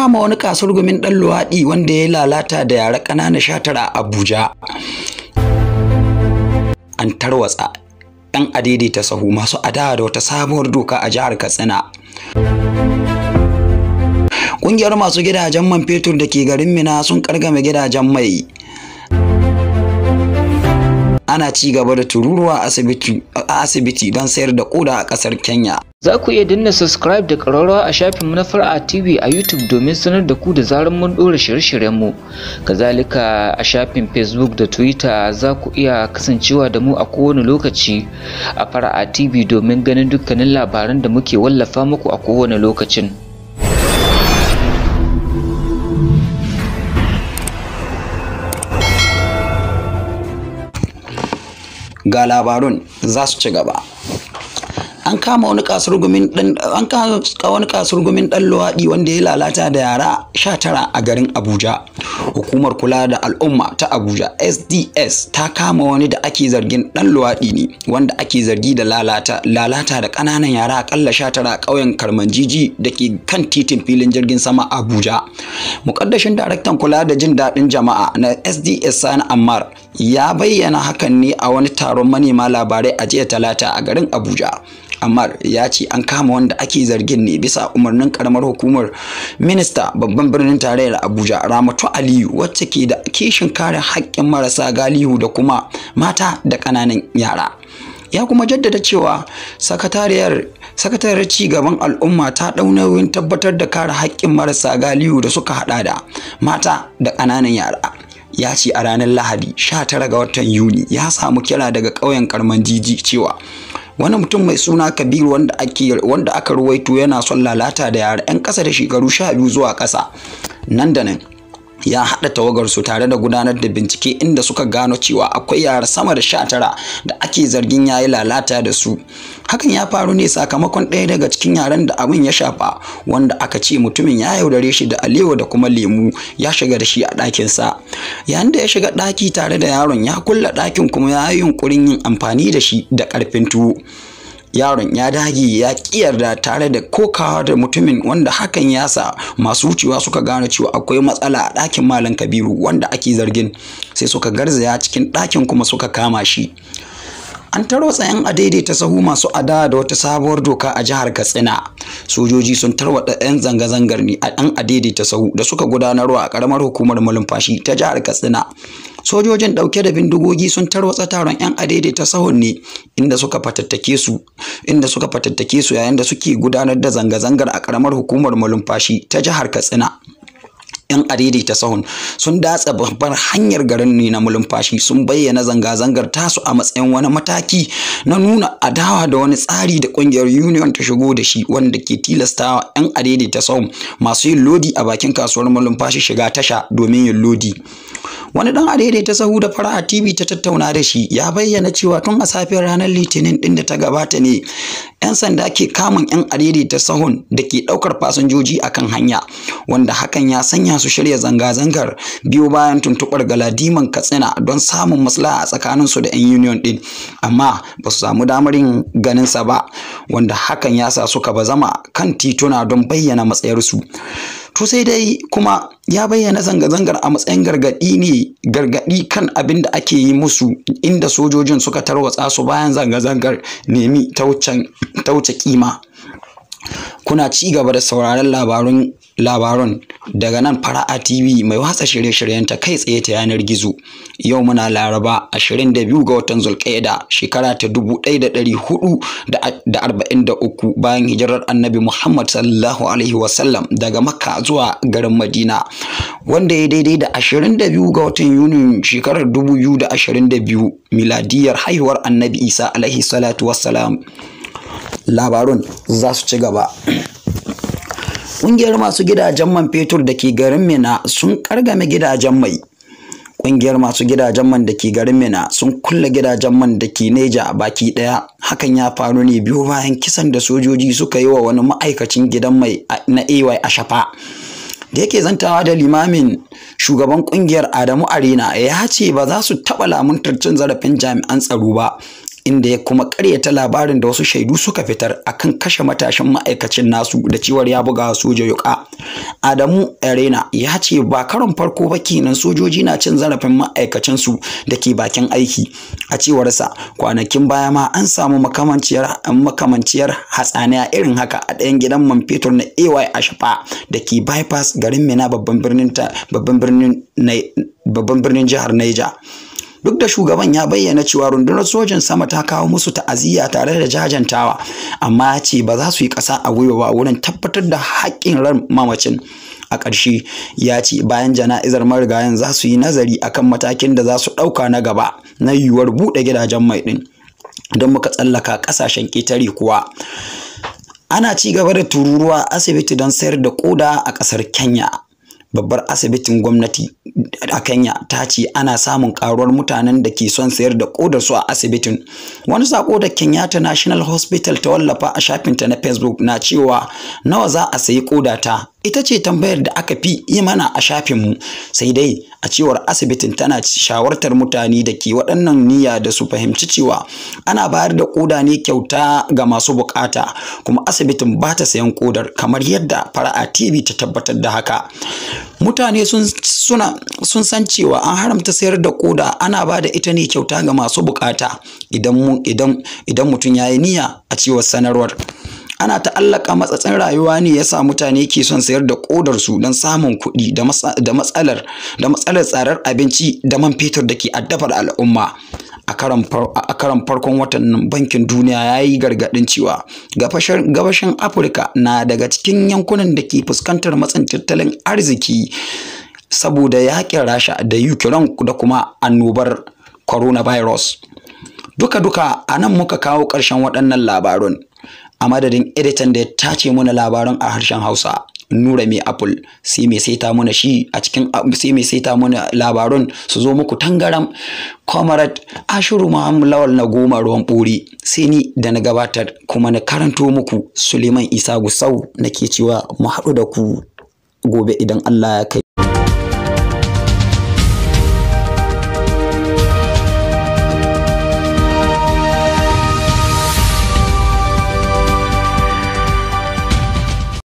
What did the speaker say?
kama wani gumin ɗan luwaɗi wanda ya lalata da yara ƙanana sha tara a Abuja. An tarwatsa 'yan adaidaita sahu masu adawa da wata sabuwar doka a jihar Katsina. Ƙungiyar masu gidajen man fetur da ke garin Mina sun ƙargame gidajen mai. ana ci gaba da tururuwa a asibiti don sayar da koda a kasar kenya za ku iya dinna subscribe da ƙararrawa a shafin na fara tv a youtube domin sanar da ku da zarar mun ɗora shirye shiryen mu kazalika a shafin facebook da twitter za ku iya kasancewa da mu a kowane lokaci a fara tv domin ganin dukkanin labaran da muke wallafa muku a kowane lokacin ga labarun za su ci gaba an kama wani gumin dan an kama wani gumin dan luwaɗi wanda ya lalata da yara 19 a garin Abuja hukumar kula da al'umma ta Abuja SDS ta kama wani da ake zargin dan luwaɗi ne wanda ake zargi da lalata lalata da ƙananan yara akalla 19 a ƙauyen Karmanjiji dake kan titin filin jirgin sama Abuja mukaddashin daraktan kula da jin dadin jama'a na SDS Sani Ammar ya bayyana hakan ne a wani taron manema labarai a jiya talata a garin abuja amma ya ce an kama wanda ake zargin ne bisa umarnin karamar hukumar minista babban birnin tarayyar abuja ramatu aliyu wacce ke da kishin kare haƙƙin marasa galihu da kuma mata da ƙananan yara ya kuma jaddada cewa sakatariyar sakatariyar ci gaban al'umma ta ɗau tabbatar da kare haƙƙin marasa galihu da suka haɗa da mata da ƙananan yara ya ce a ranar Lahadi 19 ga watan Yuni ya samu kira daga ƙauyen jiji cewa wani mutum mai suna Kabiru wanda aka ruwaito yana son lalata da yara 'yan ƙasa da shekaru 12 zuwa ƙasa nan da nan ya haɗa tawagarsu tare da gudanar da bincike inda suka gano cewa akwai yara sama da sha tara da ake zargin yayi lalata da su hakan ya faru ne sakamakon ɗaya daga cikin yaren da abin ya shafa wanda aka ce mutumin ya yaudare shi da alewa da kuma lemu ya shiga da shi a ɗakinsa yayin da ya shiga ɗaki tare da yaron ya kulla ɗakin kuma ya yi yunƙurin yin amfani da shi da ƙarfin tuwo yaron ya dage ya yarda tare da kokawa da mutumin wanda hakan ya sa masu wucewa suka gane cewa akwai matsala a ɗakin malam kabiru wanda ake zargin sai suka garzaya cikin ɗakin kuma suka kama shi an tarwatsa 'yan daidaita sahu masu ada da wata sabuwar doka a jihar katsina sojoji sun tarwatsa 'yan zanga-zangar ne a 'yan daidaita sahu da suka gudanarwa a ƙaramar hukumar malumfashi ta jihar katsina Sojojin ɗauke da bindigogi sun tarwatsa taron 'yan ta sahun ne inda suka fatattake su inda suka fatattake su yayin da suke gudanar da zanga-zangar a ƙaramar hukumar malumfashi ta jihar Katsina. 'yan ta sahun sun datsa babbar hanyar garin ne na mulumfashi sun bayyana zanga-zangar tasu a matsayin wani mataki na nuna adawa da wani tsari da kungiyar union ta shigo da shi wanda ke tilastawa 'yan ta sahun masu yin lodi a bakin kasuwar mulumfashi shiga tasha domin yin lodi wani dan ta sahu da fara'a tv ta tattauna da shi ya bayyana cewa tun a safiyar ranar litinin din da ta gabata ne yan sanda ke kamun yan ta sahun da ke daukar fasinjoji akan hanya wanda hakan ya sanya su shirya zanga-zangar biyo bayan tuntuɓar galadiman katsina don samun maslaha a tsakanin su da yan union din amma ba su samu damar yin ganin sa ba wanda hakan ya sa suka bazama kan tituna don bayyana matsayarsu to sai dai kuma ya bayyana zanga-zangar a matsayin gargaɗi ne gargaɗi kan abin da ake yi musu inda sojojin suka tarwatsa su bayan zanga-zangar nemi ta wuce kima kuna ci gaba da sauraron labarun labarun daga nan fara'a tv mai watsa shirye-shiryenta kai tsaye ta yanar gizo yau muna laraba 22 ga watan zulkaida shekara ta 1443 bayan hijirar annabi muhammad sallallahu alaihi wasallam daga makka zuwa garin madina wanda ya daidai da 22 ga watan yuni shekarar 2022 miladiyar haihuwar annabi isa alaihi salatu wassalam labarun za su ci gaba Ƙungiyar masu gidajen man fetur da ke garin Mina sun kargame gidajen mai. Ƙungiyar masu gidajen man da ke garin Mina sun kulle gidajen man da ke Neja baki ɗaya. Hakan ya faru ne biyu bayan kisan da sojoji suka yi wa wani ma'aikacin gidan mai na AY a Shafa. da yake zantawa da limamin shugaban ƙungiyar Adamu Arena ya ce ba za su taɓa lamuntar cin zarafin jami'an tsaro ba inda ya kuma karyata labarin da wasu shaidu suka fitar akan kashe matashin ma'aikacin nasu da ciwar ya buga soja yuka adamu arena ya ce ba karon farko ba kenan sojoji na cin zarafin ma'aikacin su da ke bakin aiki a cewarsa kwanakin baya ma an samu makamanciyar makamanciyar hatsaniya irin haka a ɗayan gidan man fetur na ay shafa da ke bypass garin mina babban birnin babban birnin jihar niger duk da shugaban ya bayyana cewa rundunar sojin sama ta kawo musu ta'aziyya tare da jajantawa amma ya ce ba za su yi ƙasa a gwiwa ba wurin tabbatar da haƙƙin ran mamacin a ƙarshe ya ce bayan jana'izar marigayen za su yi nazari akan matakin da za su ɗauka na gaba na yiwuwar buɗe gidajen mai ɗin don muka tsallaka ƙasashen ƙetare kuwa ana ci gaba da tururuwa asibiti don sayar da ƙoda a ƙasar kenya babbar asibitin gwamnati a Kenya ta ce ana samun karuwar mutanen da ke son sayar da kodar su a asibitin. Wani sako da Kenyatta National Hospital ta wallafa a shafinta na Facebook na cewa nawa za a sayi kodata ita ce tambayar da aka fi yi mana a shafinmu sai dai a cewar asibitin tana shawartar mutane da ke waɗannan niyya da su fahimci cewa ana bayar da ƙoda ne kyauta ga masu buƙata kuma asibitin ba ta sayan ƙodar kamar yadda fara'a tv ta tabbatar da haka mutane sun, san cewa an haramta sayar da ƙoda ana ba da ita ne kyauta ga masu buƙata idan mutum ya yi niyya a cewar sanarwar ana ta'allaka matsatsin rayuwa ne yasa mutane ke son sayar da su don samun kuɗi da matsalar da matsalar tsarar abinci da man fetur da ke addabar al'umma a karan farkon watan bankin duniya ya yi gargaɗin cewa gabashin afirka na daga cikin yankunan da ke fuskantar matsin tattalin arziki saboda yaƙin rasha da ukraine da kuma annobar coronavirus duka-duka a nan muka kawo ƙarshen waɗannan labarun a madadin editan da ya tace muna labaran a harshen Hausa Nura mai Apple sai mai saita mana shi a cikin sai mai saita muna labarun su zo muku tangaram Comrade Ashiru Muhammad Lawal na goma ruwan buri sai ni da na gabatar kuma na karanto muku Suleiman Isa Gusau nake cewa mu haɗu da ku gobe idan Allah ya kai